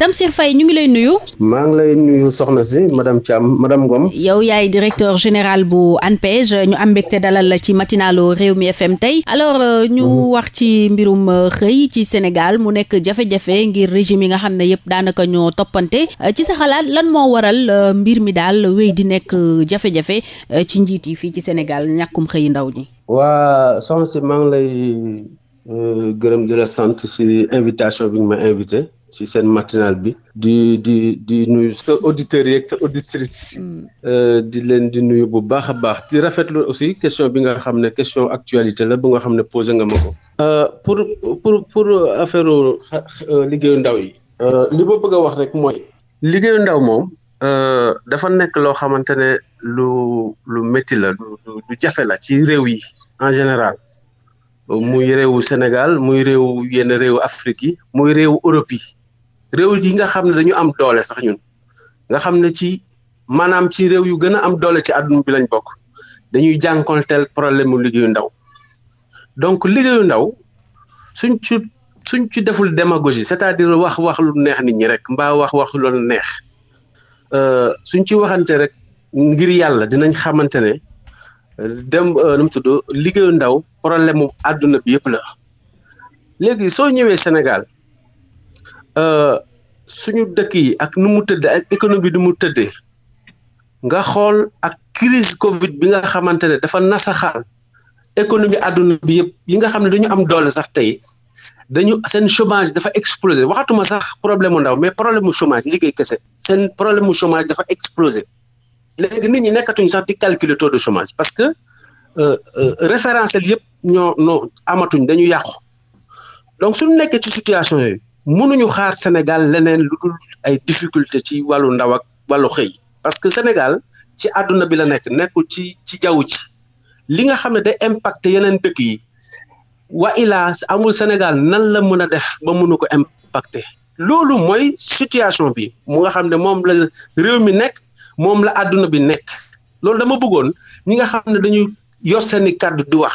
Tamsir Faye ñu ngi lay nuyu. maa ngi lay nuyu soxna si madame Thiam madame Ngom. yow yaay directeur général bu ANPEJ ñu am mbégte dalal la ci réew mi FM tey alors euh, ñu mm-hmm. wax ci mbirum euh, xëy ci Sénégal mu nekk jafe-jafe ngir régime yi nga xam ne yëpp daanaka ñoo toppante euh, ci sa xalaat lan moo waral mbir mi daal wéy di nekk jafe-jafe ci njiit yi fii ci Sénégal ñàkkum xëy ndaw ñi. waa soxna si maa ngi lay gërëm di la sant invitation bi ñu ma invité. ci seen matinal bi di di di nuyu sa auditeurs yeeg sa auditrices mm. euh, di leen di nuyu bu baax a baax di rafetlu aussi question bi nga xam ne question actualité la bu nga xam ne posé nga ma ko euh, pour pour pour affaire euh, liggéeyu ndaw yi li ma bëgg a wax rek mooy liggéeyu ndaw moom dafa nekk loo xamante ne lu lu métti la lu jafe la ci réew yi en général muy réewu Sénégal muy réew yenn réewu Afrique yi muy réewu Europe yi réew yi nga xam ne dañu am doole sax ñun nga xam ne ci maanaam ci réew yu gën a am doole ci àdduna bi lañ bokk dañuy jànkonteel problème mu liggéeyu ndaw donc liggéeyu ndaw suñ ci suñ ci deful démagogie cest à wax wax lu neex nit ñi rek mbaa wax wax lu neex euh, suñ ci waxante rek ngir yàlla dinañ xamante ne dem euh, nu mu tudd liggéeyu ndaw problème mu àdduna bi yëpp la léegi soo ñëwee Sénégal. Euh, suñu dëkk yi ak nu mu tëddee ak économie nu mu tëddee nga xool ak crise Covid bi nga xamante ne dafa nasaxal économie àdduna bi yëpp yi nga xam ne dañu am doole sax tey dañu seen chômage dafa explosé waxatuma sax problème mu ndaw mais problème mu chômage liggéey kese seen problème mu chômage dafa explosé léegi nit ñi nekkatuñu sax di calculer taux de chômage parce que euh, euh, référentiel yëpp ñoo noo amatuñ dañu yàqu donc suñu nekkee ci situation yooyu mënuñu xaar Sénégal leneen lu dul ay difficulté ci wàllu ndaw ak wàllu xëy parce que Sénégal ci àdduna bi la nekk nekkul ci ci jaww ji li nga xam ne day impacté yeneen dëkk yi wa ilaa amul Sénégal nan la mën a def ba mënu ko impacté loolu mooy situation bi mu nga xam ne moom la réew mi nekk moom la àdduna bi nekk loolu dama bëggoon ñi nga xam ne dañuy yor seeni kàddu di wax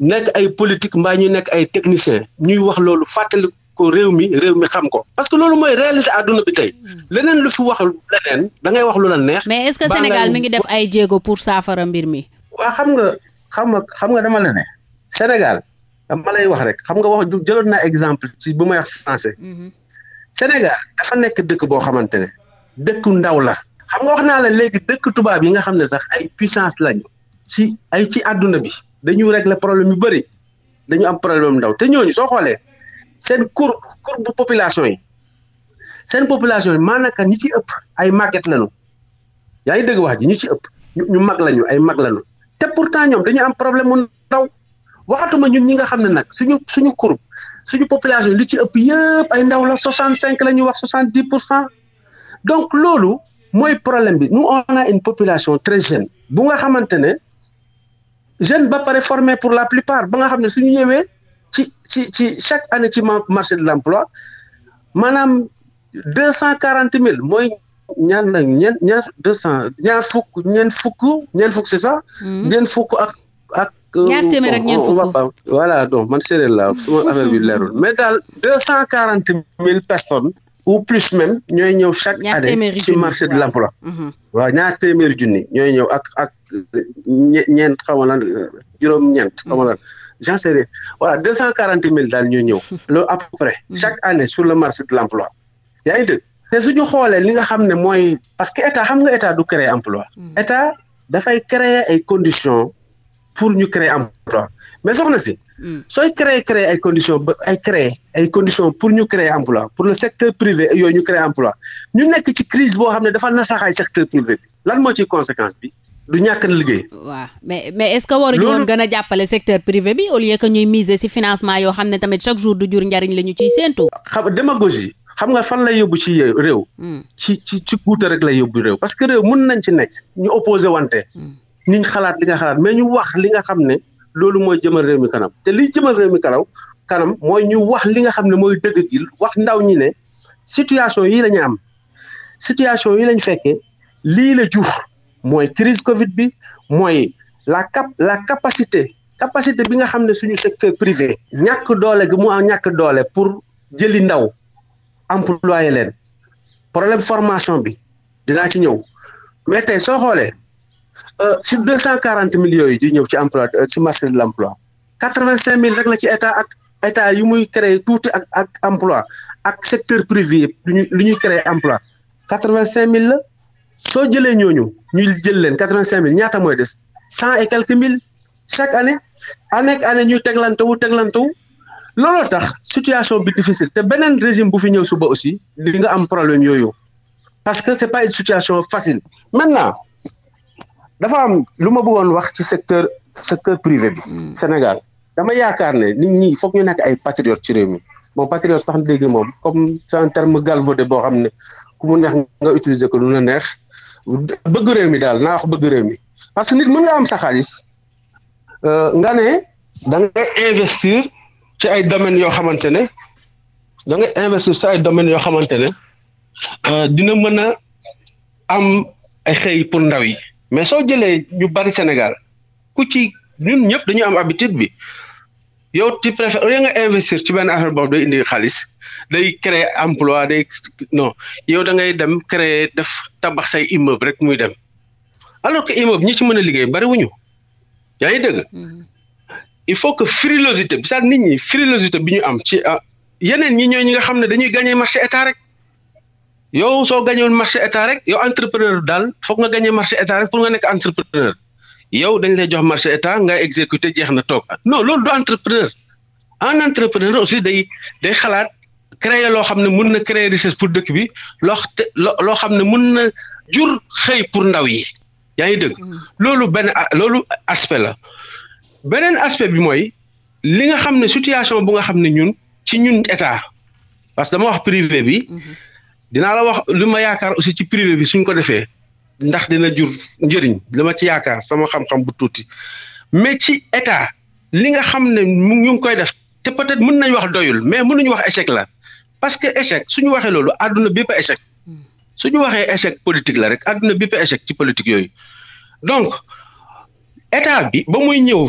nekk ay politique mbaa ñuy nekk ay technicien ñuy wax loolu fàttali ko réew mi réew mi xam ko parce que loolu mooy réalité àdduna bi tey hmm. leneen lu fi wax leneen da ngay wax lu la neex. mais est-ce que Sénégal mi ngi def ay jéego pour saafara mbir mi. waa xam nga xam nga xam nga dama la ne Sénégal dama lay wax rek xam nga wax jëloon naa exemple ci bu may wax français. Hmm. Sénégal dafa nekk dëkk boo xamante ne dëkk ndaw la. xam nga wax naa la léegi dëkk tubaab yi nga xam ne sax ay puissance lañu ci ay ci àdduna bi dañu régler problème yu bëri dañu am problème ndaw te ñooñu soo xoolee. seen courbe courbe bu population yi seen population yi maanaam ñi ci ëpp ay màgget lañu yaa ngi dégg wax ji ñi ci ëpp ñu mag lañu ay mag lañu te pourtant ñoom dañu am problème mu ndaw waxatuma ñun ñi nga xam ne nag suñu suñu courbe suñu population li ci ëpp yëpp ay ndaw la soixante cinq la ñuy wax soixante dix pour cent donc loolu mooy problème bi nous on a une population très jeunes bu nga xamante ne jeune ba pare former pour la plupart ba nga xam ne su ñu ñëwee ci ci ci chaque année ci marché de l'emploi maanaam deux cent quarante mille mooy ñaan nag ñeen ñaar ñaar fukk ñeen fukk ñeen fukk c'est sax hmm. ñeen fukk ak ak ñaar téeméer ak donc man séeréer la suma affaire bi leerul mais daal deux cent quarante mille personnes ou plus même ñooy ñëw chaque année ci marché de l'emploi hmm. waaw ñaar téeméeri junni ñooy ñëw ak ak ñeent xaw ñeent xaw j'en sais rien voilà deux cent quarante mille daal ñoo ñëw loolu à peu près mm. chaque année sur le marché de l'emploi yaa ñu dégg te suñu xoolee li nga xam ne mooy parce que état xam nga état du créer emploi mm. état dafay créer ay conditions pour ñu créer emploi mais soxna si mm. sooy créer créer ay conditions ba ay créer ay conditions pour ñu créer emploi pour le secteur privé yooyu ñu créer emploi ñu nekk ci crise boo xam ne dafa nasaxaay secteur privé bi lan moo ci conséquence bi du ñàkk na liggéey. waaw mais mais est-ce que waruñu woon gën a jàppale secteur privé bi au lieu que ñuy miser ci financement yoo xam ne tamit chaque jour du jur njariñ la ñu ciy séentu. xam démagogie xam nga fan lay yóbbu ci euh, réew. Hmm. ci ci ci guute rek lay yóbbu réew parce que réew mun nañ ci nekk ñu opposé wante. Hmm. niñ xalaat li nga xalaat mais ñu wax li nga xam ne loolu mooy jëmal réew mi kanam te liy jëmal réew mi kanam kanam mooy ñu wax li nga xam ne mooy dëgg gi wax ndaw ñi ne situation yi la am situation yi lañ fekkee lii la juuf. mooy crise Covid bi mooy la cap la capacité capacité bi nga xam ne suñu secteur privé ñàkk doole gi mu am ñàkk doole pour jëli ndaw employé leen problème formation bi dinaa ci ñëw mais tey soo xoolee euh, si deux cent quarante million yi di ñëw ci emploi euh, ci marché de l'emploi quatre vingt cinq mille rek la ci état ak état yu muy créer tuuti ak ak emploi ak secteur privé lu ñuy créer emploi quatre vingt cinq mille la soo jëlee ñooñu ñu jël leen quatre vingt cinq mille ñaata mooy des cent et quelques mille chaque année année ak année ñuy teglante wu teglante wu looloo tax situation bi difficile te beneen régime bu fi ñëw suba aussi di nga am problème yooyu parce que c'est pas une situation facile maintenant dafa am lu ma bëggoon wax ci secteur secteur privé bi mm. Sénégal dama yaakaar ne nit ñi foog ñu nekk ay patriotes ci réew mi moom patriote sax dégg moom comme c'est un terme boo xam ne ku mu neex nga utiliser ko lu la neex bëgg réew mi daal naa wax bëgg réew mi parce que nit mën nga am sa xaalis euh, nga ne da ngay ci ay domaines yoo xamante ne da ngay investir ci ay domaines yoo xamante ne euh, dina mën a am ay xëy pour ndaw yi mais soo jëlee ñu bari Sénégal ku ci ñun ñëpp dañu am habitude bi yow tu préfères yow nga investir ci benn affaire boobu day indi xaalis day créer emploi day no yow da ngay dem créer def tabax say immeuble rek muy dem alors que immeuble ñi ci mën a liggéey bari wuñu yaa ngi dëgg mm-hmm. il faut que frilosité bi sax nit ñi frilosité bi ñu am ci ah, yeneen ñi ñooy ñi nga xam ne dañuy gagné marché état rek yow soo gagné woon marché état rek yow entrepreneur daal foog nga gagné marché état rek pour nga nekk entrepreneur yow dañ lay jox marché état nga exécuté jeex na toog non loolu du entrepreneur un entrepreneur aussi day day xalaat créer loo xam ne mun na créer richesse pour dëkk bi loo loo xam ne mun na jur xëy pour ndaw yi yaa ngi dëgg mm-hmm. loolu benn loolu aspect la beneen aspect bi mooy li nga xam ne situation bu nga xam ne ñun ci ñun état parce que dama wax privé bi mm-hmm. dinaa la wax li ma yaakaar aussi ci privé bi suñ ko defee ndax dina jur njëriñ li ci yaakaar sama xam-xam bu tuuti mais ci état li nga xam ne mu ñu ngi koy def te peut-être mën nañ wax doyul mais mënuñu wax échec la parce que échec suñu waxee loolu àdduna bépp échec suñu waxee échec politique la rek àdduna bépp échec ci politique yooyu donc état bi ba muy ñëw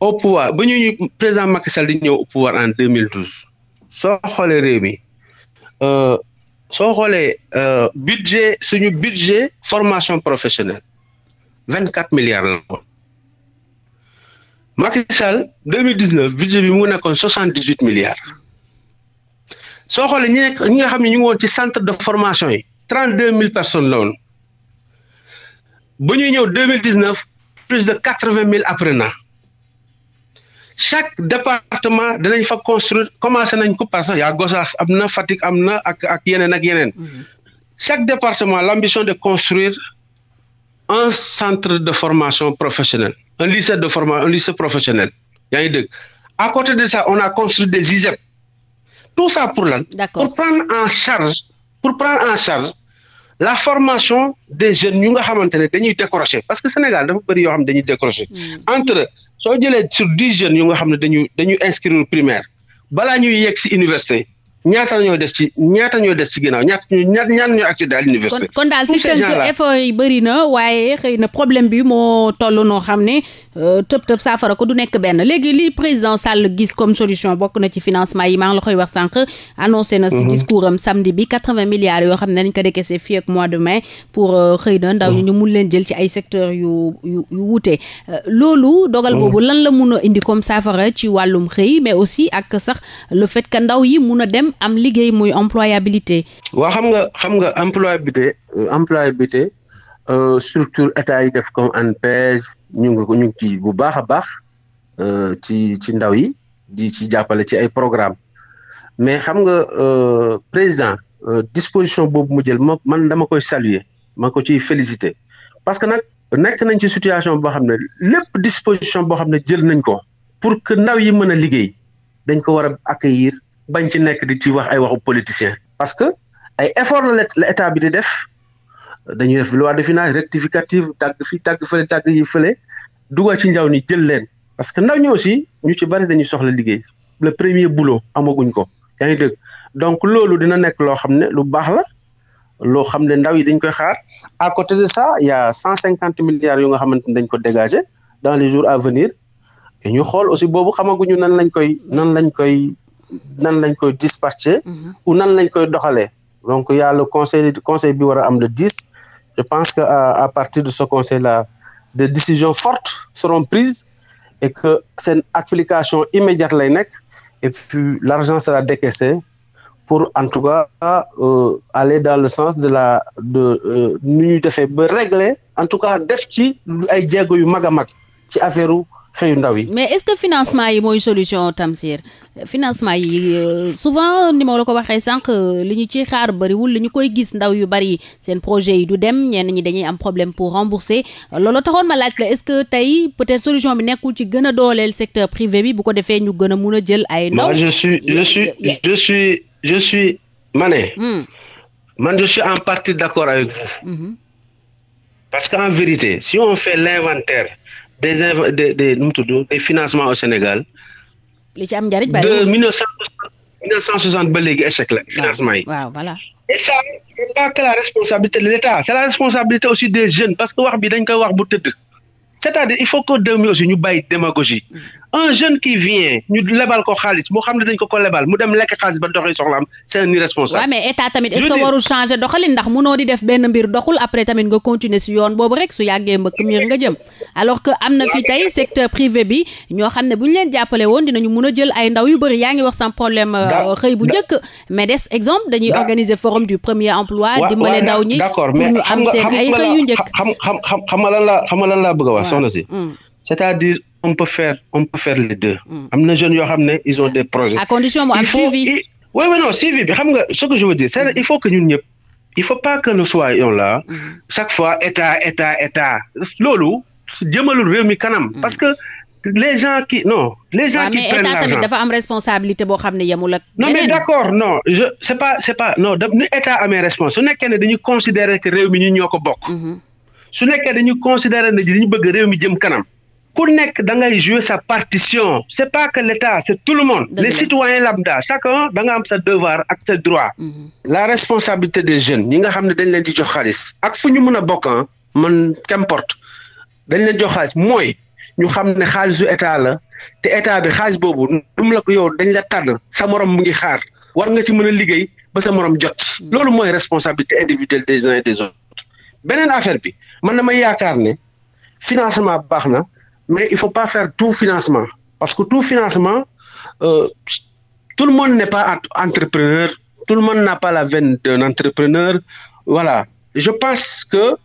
au pouvoir ba ñu présent Macky Sall di ñëw au pouvoir en 2012 soo xoolee réew mi. Euh, soo xoolee euh, budget suñu budget formation professionnelle vingt quatre milliards la woon Macky Sall deux mille dix neuf budget bi mu nekkoon soixante dix huit milliards soo xoolee ñi nekk nga xam ne ñu ngi ci centre de formation yi trente deux mille personnes la woon ba ñuy ñëw deux mille dix neuf plus de quatre vingt mille après apprenants chaque département danañ fa construire commencé nañ ko parce que yaa am na Fatick am na ak ak yeneen ak yeneen mhm. chaque département l'ambition de construire un centre de formation professionnelle un lycée de formation un lycée professionnel yaa ngi dégg à côté de ça on a construit des ISEP tout ça pour lan pour prendre en charge pour prendre en charge la formation des jeunes ñu nga xamante ne dañuy décrocher parce que Sénégal dafa bëri yoo xam ne dañuy décrocher. Mm. entre soo jëlee sur dix jeunes yu nga xam ne dañu dañuy inscrire primaire balaa ñuy yegg si université ñaata ñoo des ci ñaata ñoo des ci ginnaaw ñaata ñoo accéder à l'université. kon daal si tënk effort yi bëri na waaye xëy na problème bi moo toll noo xam ne euh, tëb tëb saafara ko du nekk benn léegi li président sàll gis comme solution bokk na ci financement yi maa ngi la koy wax sànq. annoncé na si mhm. discours am samedi bi quatre vingt milliards yoo xam ne dañ ko décaissé fii ak mois de mai pour euh, xëy na ndaw mhm. ñu mun leen jël ci ay secteur yu yu yu wuute. Euh, loolu dogal mhm. boobu lan la mun a indi comme saafara ci wàllum xëy mais aussi ak sax le fait que ndaw yi mun a dem. am liggéey muy employabilité. waaw xam nga xam nga employabilité euh, employabilité euh, structure état yi def comme ANPEJ ñu ngi ko ñu ngi bu baax a baax euh, ci ci ndaw yi di ci jàppale ci ay programme mais xam nga président disposition boobu mu jël ma man dama koy saluer ma ko ciy félicité parce que nag nekk nañ ci situation boo xam ne lépp disposition boo xam ne jël nañ ko pour que ndaw yi mën a liggéey dañ ko war a accueillir bañ ci nekk di ci wax ay waxu politicien parce que ay effort la état bi di def dañuy def loi de rectificative tàgg fi tàgg fële tàgg yi fële dugal ci njaw ni jël leen parce que ndaw ñi aussi ñu ci bari dañuy soxla liggéey le premier boulot amaguñ ko yaa ngi dégg donc loolu dina nekk loo xam ne lu baax la loo xam ne ndaw yi dañ koy xaar à côté de ça il cent cinquante milliards yu nga xamante ni dañ ko dégagé dans les jours à venir ñu xool aussi boobu xamaguñu nan lañ koy nan lañ koy nan lañ koy dispatcher mhm. ou nan lañ koy doxalee donc y a le conseil conseil bi war a am le dix je pense que à, à partir de ce conseil la de décision forte seront prises et que seen application immédiate lay nekk et puis l'argent sera décaissé pour en tout cas euh, aller dans le sens de la de euh, nu ñuy defee ba régler en tout cas def ci ay jéego yu mag a mag ci affaire xëyu ndaw yi. mais est-ce que financement yi mooy solution Tamsir financement yi euh, souvent ni ma la ko waxee sànq li ñu ci xaar bëriwul li ñu koy gis ndaw yu bari seen projet yi du dem ñenn ñi dañuy am problème pour rembourser loolu taxoon ma laaj la est-ce que tey peut-être solution bi nekkul ci gën a dooleel secteur privé bi bu ko defee ñu gën a mun a jël ay ndaw. je suis je suis je hmm. man je suis en partie d'accord avec vous. Mm -hmm. parce qu'en vérité si des in des des nu mu tudd des financements au Sénégal. li ci am njariñ bari de mille neuf cent soixante mille neuf cent soixante ba léegi échec la financement yi. waaw voilà. et ça c' est la responsabilité de l' État c' est la responsabilité aussi des jeunes parce que wax bi dañ koy wax bu tëdd. c' est à dire il faut que deux mi aussi ñu bàyyi démagogie. Mm. un jeune qui vient ñu lebal ko xaalis moo xam ne dañ ko ko lebal mu dem lekk xaalis ba doxee soxlaam c'est un irresponsable. waaw mais état tamit est-ce warul changer doxalin ndax munoo di def benn mbir doxul après tamit nga continuer si yoon boobu rek su yàggee mbëkk miir nga jëm alors que am na fi tey secteur privé bi ñoo xam ne bu ñu leen jàppale woon dinañu mun a jël ay ndaw yu bëri yaa ngi wax sans problème. Euh, xëy bu njëkk mais des exemple dañuy organiser forum du premier emploi. dimbale ndaw ñi pour ñu am seen ay xëy yu njëkk. xam xam xam xam lan laa laa bëgg a wax si mm. on peut faire on peut faire les deux. Hmm. am na jeunes yoo xam ne ils ont des projets. à condition mu am suivi il faut oui suivi bi xam nga ce que je veux dire hmm. il faut que ñun ñëpp il faut pas que nous soyons là hmm. chaque fois état état état loolu jëmalul réew mi kanam parce que. les gens qui no les gens ouais, qui prennent dafa am responsabilité boo xam ne yamu ak. non mais d'accord non je c'est pas c'est pas non da ni état amee responsabilité su nekkee dañu considérer que réew mi ñun ñoo ko bokk. su nekkee dañu considérer ne dañu bëgg réew mi jëm kanam. ku nekk da ngay jouer sa partition c'est pas que l'État c'est tout le monde les citoyens lambda chacun da nga am sa devoir ak sa droit mhm. la responsabilité des jeunes ñi nga xam ne dañ leen di jox xaalis ak fu ñu mën a bokkan ah, man qu'importe dañ leen jox xaalis mooy ñu xam ne xaalisu état la te état bi xaalis boobu nu mu la ko yow dañ la tànn sa morom mu ngi xaar war nga ci mën a liggéey ba sa moroom jot mhm. loolu mooy responsabilité individuelle des uns des autres beneen affaire bi man dama yaakaar ne financement baax na mais il faut pas faire tout financement parce que tout financement euh, tout le monde n'est pas entrepreneur tout le monde n'a pas la veine d'un entrepreneur voilà je pense que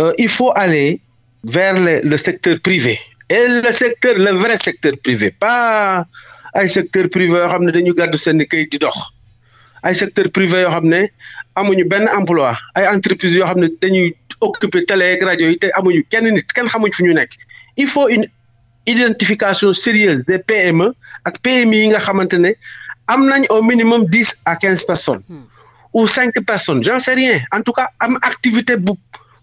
euh, il faut aller vers le, le, secteur privé et le secteur le vrai secteur privé pas ay secteur privé yoo xam ne dañu gàddu seen kayit di dox ay secteur privé yoo xam ne amuñu benn emploi ay entreprise yoo xam ne dañuy occuper télé ak rajo yi te amuñu kenn nit kenn xamuñ fu ñu nekk il faut une identification sérieuse des PME ak PMI yi nga xamante ne am nañ au minimum dix à quinze personnes hmm. ou cinq personnes j'en sais en tout cas am activité bu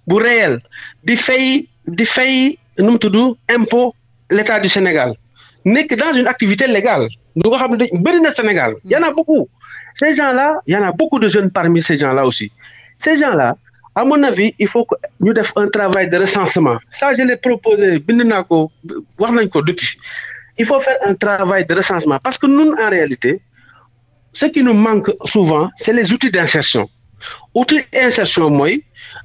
bu réel di fay di fay nu mu tudd impôt l'État du Sénégal nekk dans une activité légale lu nga xam ne bëri na Sénégal hmm. y en a beaucoup ces gens là y beaucoup de jeunes parmi ces gens là aussi ces gens là à mon avis il faut que ñu def un travail de recensement ça je l'ai proposé bind naa ko wax nañ ko depuis il faut faire un travail de recensement parce que ñun en réalité ce qui nous manque souvent c'est les outils d'insertion outils insertion mooy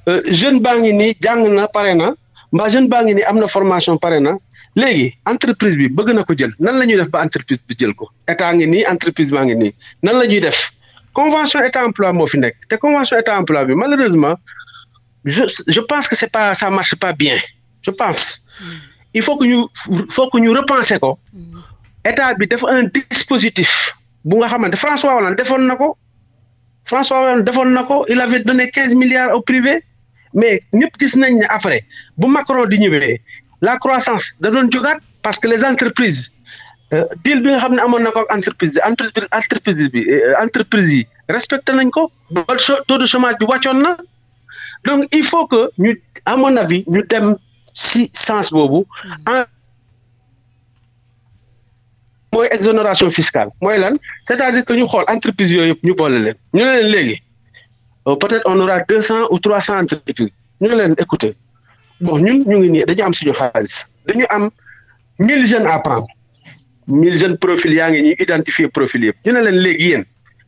euh, jeune baa ngi nii jàng na pare na mbaa jeune baa ngi nii am na formation pare na léegi entreprise bi bëgg na ko jël nan la ñuy def ba entreprise bi jël ko état ngi nii entreprise baa ngi nii nan la ñuy def convention état emploi moo fi nekk te convention état emploi bi malheureusement je je pense que c'est pas ça marche pas bien je pense il faut que ñu faut ñu repenser ko état bi def un dispositif bu nga xamante François Hollande defoon na ko François Hollande defoon na ko il avait donné quinze milliards au privé mais ñëpp gis nañ ne après bu Macron di ñëwee la croissance da doon jógaat parce que les entreprises Euh, deal bi nga xam ne amoon na ko ak entreprise entreprise bi euh, entreprise yi respecté nañ ko ba taux de chômage bi wàccoon na donc il faut que ñu amoon na avis ñu dem ci sens boobu hmm. en mooy exonération fiscale mooy lan c'est-à-dire que ñu xool entreprise yooyu yëpp ñu boole leen ñu leen léegi euh, peut-être on aura deux cent ou trois cent entreprises ñu ne leen écoutez bon ñun ñu ngi nii dañu am suñu xaalis dañu am mille jeune à prendre mille jeune profils yaa ngi ñuy identifier profil yëpp ñu ne leen léegi yéen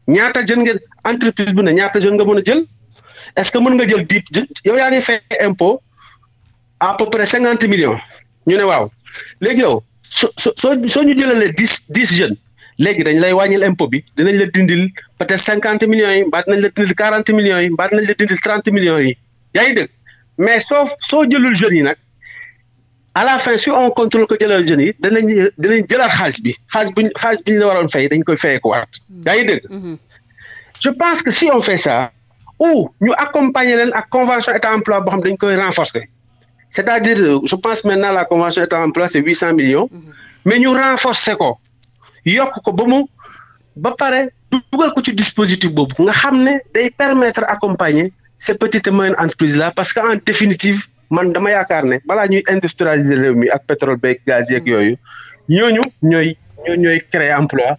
ñaata jeune ngeen entreprise bi ne ñaata jeune nga mën a jël est-ce que mën nga jël dip yow yaa ngi fay impôt à peu près cinquante million ñu ne waaw léegi yow soo soo soo ñu jëlalee dix dix jeunes léegi dañ lay wàññil impôt bi dinañ la dindil peut-être cinquante millions yi mbaa dinañ la dindil millions yi mbaa dinañ la dindil trente millions yi yaa ngi dégg mais soo soo jëlul jeunes yi nag. à la fin si on contrôle ko jëlal jeunes yi danañ jëlaat xaalis bi xaalis buñ xaalis bi ñu la waroon fay dañ koy fayee ko waat mm-hmm. yaa ngi mm-hmm. je pense que si on fait ça ou ñu accompagner leen ak convention état emploi boo xam dañ koy renforcer c'est-à-dire je pense maintenant la convention état emploi c'est huit cent millions mm-hmm. mais ñu renforcer ko yokk ko ba mu ba pare dugal ko ci dispositif boobu nga xam ne day permettre accompagner ces petites et moyennes entreprises parce que en définitive man dama yaakaar ne balaa ñuy industrialiser réew mi ak pétrole beeg gaz yeeg mm-hmm. yooyu ñooñu ñooy ñooy créer emploi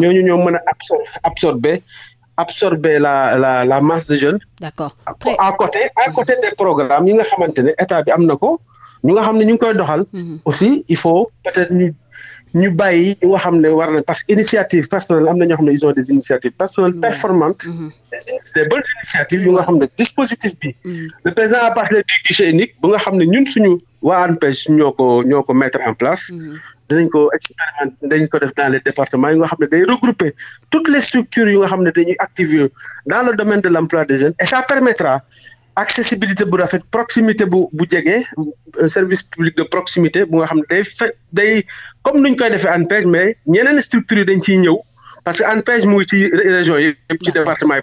ñooñu ñoo mën a absor absorber absorber la la la masse de jeunes. d'accord à côté à mm-hmm. côté des programmes yi nga xamante ne état bi am na ko ñu nga xam ne ñu ngi koy doxal. Mm-hmm. aussi il faut peut-être ñu bàyyi ñoo xam ne war na parce que initiative personnelle am na ñoo xam ne ils ont des initiatives personnelles performantes mhm. des bonnes initiatives yu nga xam ne dispositif bi mhm. le président à partir du unique bu nga xam ne ñun suñu waa ANPEJ ñoo ko ñoo ko mettre en place mhm. dinañ ko expérimenter dañ ko def dans les départements yi nga xam ne day regrouper toutes les structures yu nga xam ne dañuy activer dans le domaine de l'emploi des jeunes et ça permettra accessibilité bu rafet proximité bu bu jege euh, service public de proximité bu nga xam ne day fe day comme nuñ koy defee ANPEJ mais ñeneen structures yi dañ ciy ñëw parce que ANPEJ mu ci région yi yëpp ci département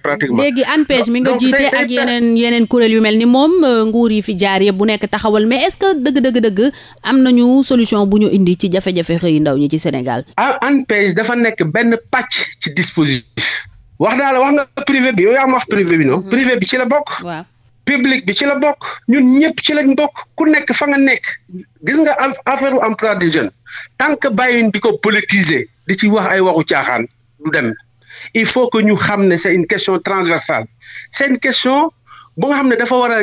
mi nga jiite ak yeneen yeneen kuréel yu mel ni moom euh, nguur yi fi jaar yëpp bu nekk taxawal mais est-ce que dëgg dëgg dëgg am nañu solution bu ñu indi ci jafe-jafe xëy ndaw ñi ci Sénégal. ah ANPEJ dafa nekk benn pàcc ci dispositif. wax daal wax nga privé bi yow yaa ma wax privé bi noonu. Hmm. privé bi ci la bokk. public bi ci la bokk ñun ñëpp ci lañ bokk ku nekk fa nga nekk gis nga affaire emploi des jeunes tant que bàyyin di ko politiser di ci wax ay waxu caaxaan du dem il faut que ñu xam ne c'est une question transversale c'est une question bu nga xam ne dafa war a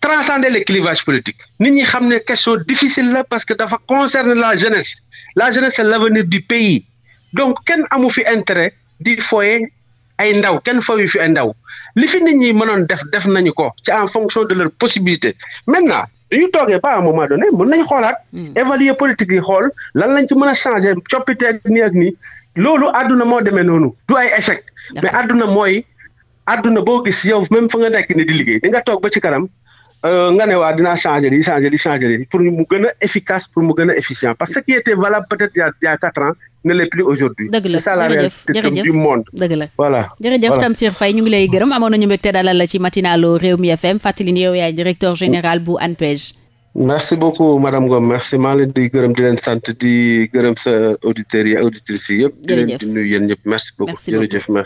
transcender les clivages politiques nit ñi xam ne question difficile la parce que dafa concerne la jeunesse la jeunesse c'est l'avenir du pays donc kenn amu fi intérêt di foye ay ndaw kenn fayu fi ay ndaw li fi nit ñi mënoon def def nañu ko ci en fonction de leur possibilité maintenant duñu toogee ba à un moment donné mën nañ xoolaat hmm. évaluer politique yi xool lan lañ ci mën a changer coppite ak nii ak nii loolu àdduna moo demee noonu du ay échec mais àdduna mooy adduna boo gis yow même fa nga nekk ni di liggéey di nga toog ba ci kanam Euh, nga ne waa dinaa changer di changer pour mu gën a efficace pour mu gën a efficient parce que ce qui était valable peut-être il y quatre ans ne l'est plus aujourd'hui. dëgg la jërëjëf c'est du monde. dëgg Tamsir Faye ñu ngi lay gërëm amoon nañu mbégte dalal la ci matinalu Rewmi FM fàttali ni yow yaay directeur général bu ANPEJ. merci beaucoup madame Ngom merci maa di gërëm di leen sant di gërëm sa auditeurs yi auditrices yi yëpp. jërëjëf di leen di nuyu yéen